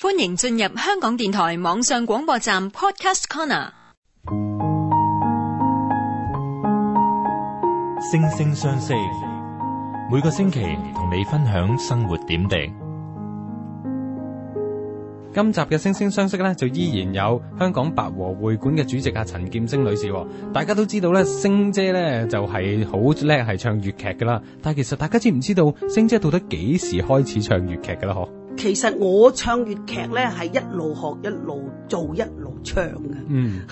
歡迎進入香港電台網上廣播站 Podcast Corner。《星聲相識》，每個星期同你分享生活點滴。今集嘅星聲相識呢，就依然有香港八和會館嘅主席阿、啊、陳劍聲女士。大家都知道咧，星姐咧就係好叻，係唱粵劇噶啦。但係其實大家知唔知道，星姐到底幾時開始唱粵劇噶啦？嗬？其實我唱粵劇咧係一路學一路做一路唱嘅。咁、嗯、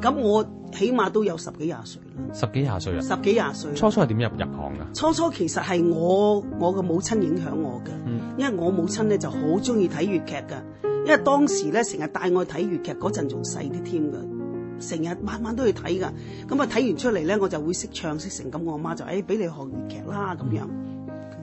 我起碼都有十幾廿歲啦。十幾廿歲啊？十幾廿歲。初初係點入入行噶？初初其實係我我個母親影響我嘅、嗯，因為我母親咧就好中意睇粵劇噶，因為當時咧成日帶我去睇粵劇嗰陣仲細啲添嘅，成日晚晚都去睇噶，咁啊睇完出嚟咧我就會識唱識成咁，我阿媽就誒俾、哎、你學粵劇啦咁樣。嗯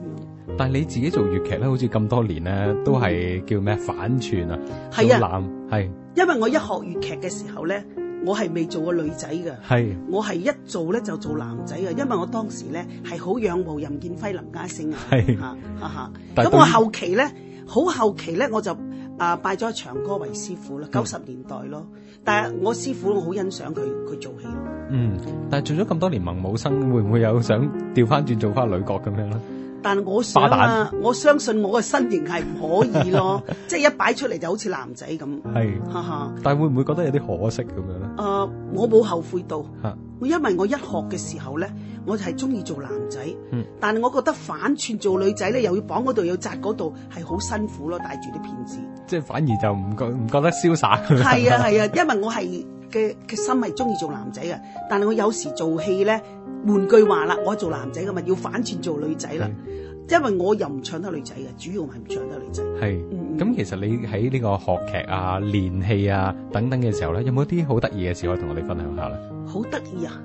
嗯、但係你自己做粵劇咧，好似咁多年咧，都係叫咩反串啊，係啊，男係。因為我一學粵劇嘅時候咧，我係未做過女仔噶，係我係一做咧就做男仔啊。因為我當時咧係好仰慕任劍輝、林家聲啊，係吓哈哈。咁、嗯、我後期咧，好後期咧，我就啊拜咗長哥為師傅咯，九十年代咯。嗯、但係我師傅我好欣賞佢，佢做戲。嗯，但係做咗咁多年文武生，會唔會有想調翻轉做翻女角咁樣咧？但係我想啊，我相信我嘅身形係唔可以咯， 即係一擺出嚟就好似男仔咁。係，但係會唔會覺得有啲可惜咁樣咧？誒、呃，我冇後悔到。我因為我一學嘅時候咧，我就係中意做男仔。嗯。但係我覺得反串做女仔咧，又要綁嗰度，又紮嗰度，係好辛苦咯，帶住啲片子。即係反而就唔覺唔覺得瀟灑，係啊係啊，啊 因為我係。嘅嘅心係中意做男仔嘅，但係我有時做戲咧，換句話啦，我做男仔嘅嘛，要反串做女仔啦，因為我又唔唱得女仔嘅，主要係唔唱得女仔。係，咁、嗯、其實你喺呢個學劇啊、練戲啊等等嘅時候咧，有冇啲好得意嘅事可以同我哋分享一下咧？好得意啊！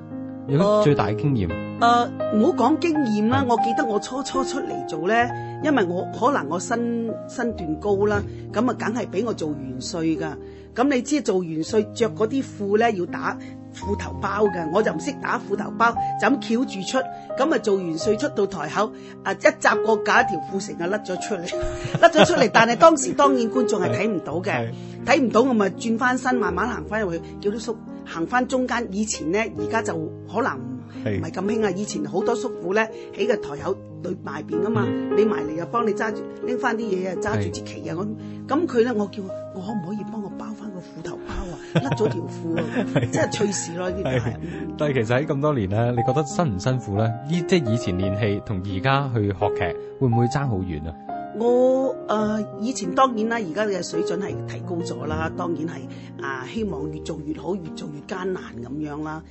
有最大嘅經驗？誒、呃，唔好講經驗啦，我記得我初初出嚟做咧，因為我可能我身身段高啦，咁啊，梗係俾我做元帥噶。咁你知做元帥着嗰啲褲咧要打褲頭包嘅，我就唔識打褲頭包，就咁翹住出，咁啊做元帥出到台口，啊一紮過架一條褲繩啊甩咗出嚟，甩 咗出嚟，但係當時當然觀眾係睇唔到嘅，睇 唔到我咪轉翻身慢慢行翻入去，叫啲叔行翻中間，以前咧而家就可能。唔係咁興啊！以前好多叔父咧喺個台口裏埋邊噶嘛，嗯、你埋嚟呀幫你揸住拎翻啲嘢啊，揸住支旗啊咁。咁佢咧，我叫我，我可唔可以幫我包翻個褲頭包啊？甩 咗條褲啊！即 係趣事咯呢啲。但係其實喺咁多年咧，你覺得辛唔辛苦咧？依即係以前練戲同而家去學劇，會唔會爭好遠啊？我誒、呃、以前當然啦，而家嘅水準係提高咗啦、嗯。當然係啊、呃，希望越做越好，越做越艱難咁樣啦。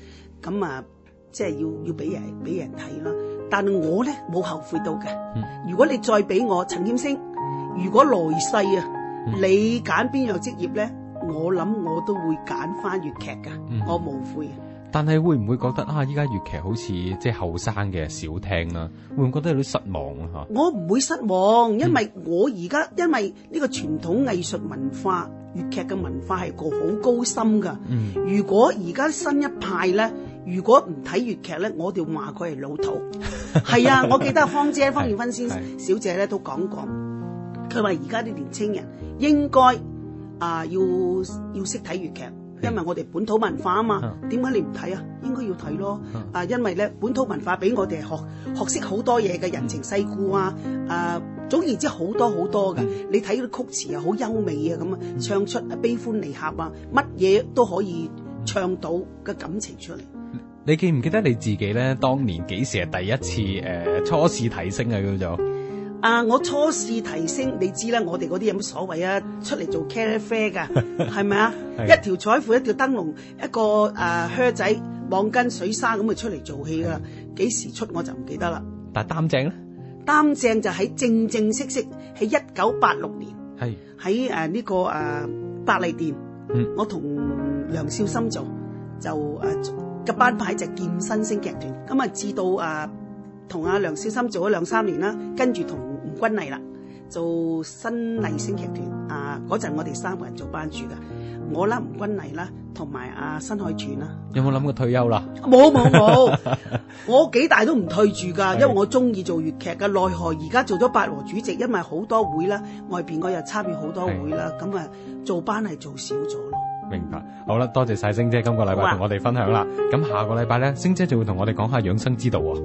咁啊～、呃即係要要俾人俾人睇咯，但係我咧冇後悔到嘅、嗯。如果你再俾我陳劍聲、嗯，如果來世啊、嗯，你揀邊樣職業咧？我諗我都會揀翻粵劇噶我無悔啊。但係會唔會覺得啊？依家粵劇好似即係後生嘅少聽啦，會唔會覺得有啲失望啊？吓，我唔會失望，因為我而家、嗯、因為呢個傳統藝術文化粵劇嘅文化係個好高深噶、嗯。如果而家新一派咧。如果唔睇粵劇咧，我哋話佢係老土。係 啊，我記得芳姐芳艷芬先小姐咧都講過，佢話而家啲年青人應該啊、呃、要要識睇粵劇，因為我哋本土文化啊嘛。點解你唔睇啊？應該要睇咯。啊、呃，因為咧本土文化俾我哋學學識好多嘢嘅人情世故啊。啊、呃、總言之好多好多嘅。你睇啲曲詞啊，好優美啊咁啊，唱出悲歡離合啊，乜嘢都可以唱到嘅感情出嚟。你記唔記得你自己咧？當年幾時係第一次誒、呃、初試提升啊？叫做啊，我初試提升，你知啦，我哋嗰啲有乜所謂啊？出嚟做咖喱啡噶，係咪啊？一條彩褲，一條燈籠，一個誒靴、呃、仔，網巾水衫咁啊出嚟做戲噶啦，幾時出我就唔記得啦。但係擔正咧？擔正就喺正正式式，喺一九八六年，係喺誒呢個誒百、呃、利店，嗯、我同梁少芯做就誒。啊個班牌就係劍新聲劇團，咁啊至到啊同阿梁少芯做咗兩三年啦，跟住同吳君麗啦做新麗聲劇團，啊嗰陣我哋三個人做班主噶，我啦，吳君麗啦，同埋阿新海泉啦。有冇諗過退休啦？冇冇冇， 我幾大都唔退住噶，因為我中意做粵劇噶，奈何而家做咗八和主席，因為好多會啦，外邊我又參與好多會啦，咁啊做班係做少咗。明白，好啦，多謝晒星姐今個禮拜同我哋分享啦。咁下個禮拜咧，星姐就會同我哋講下養生之道哦。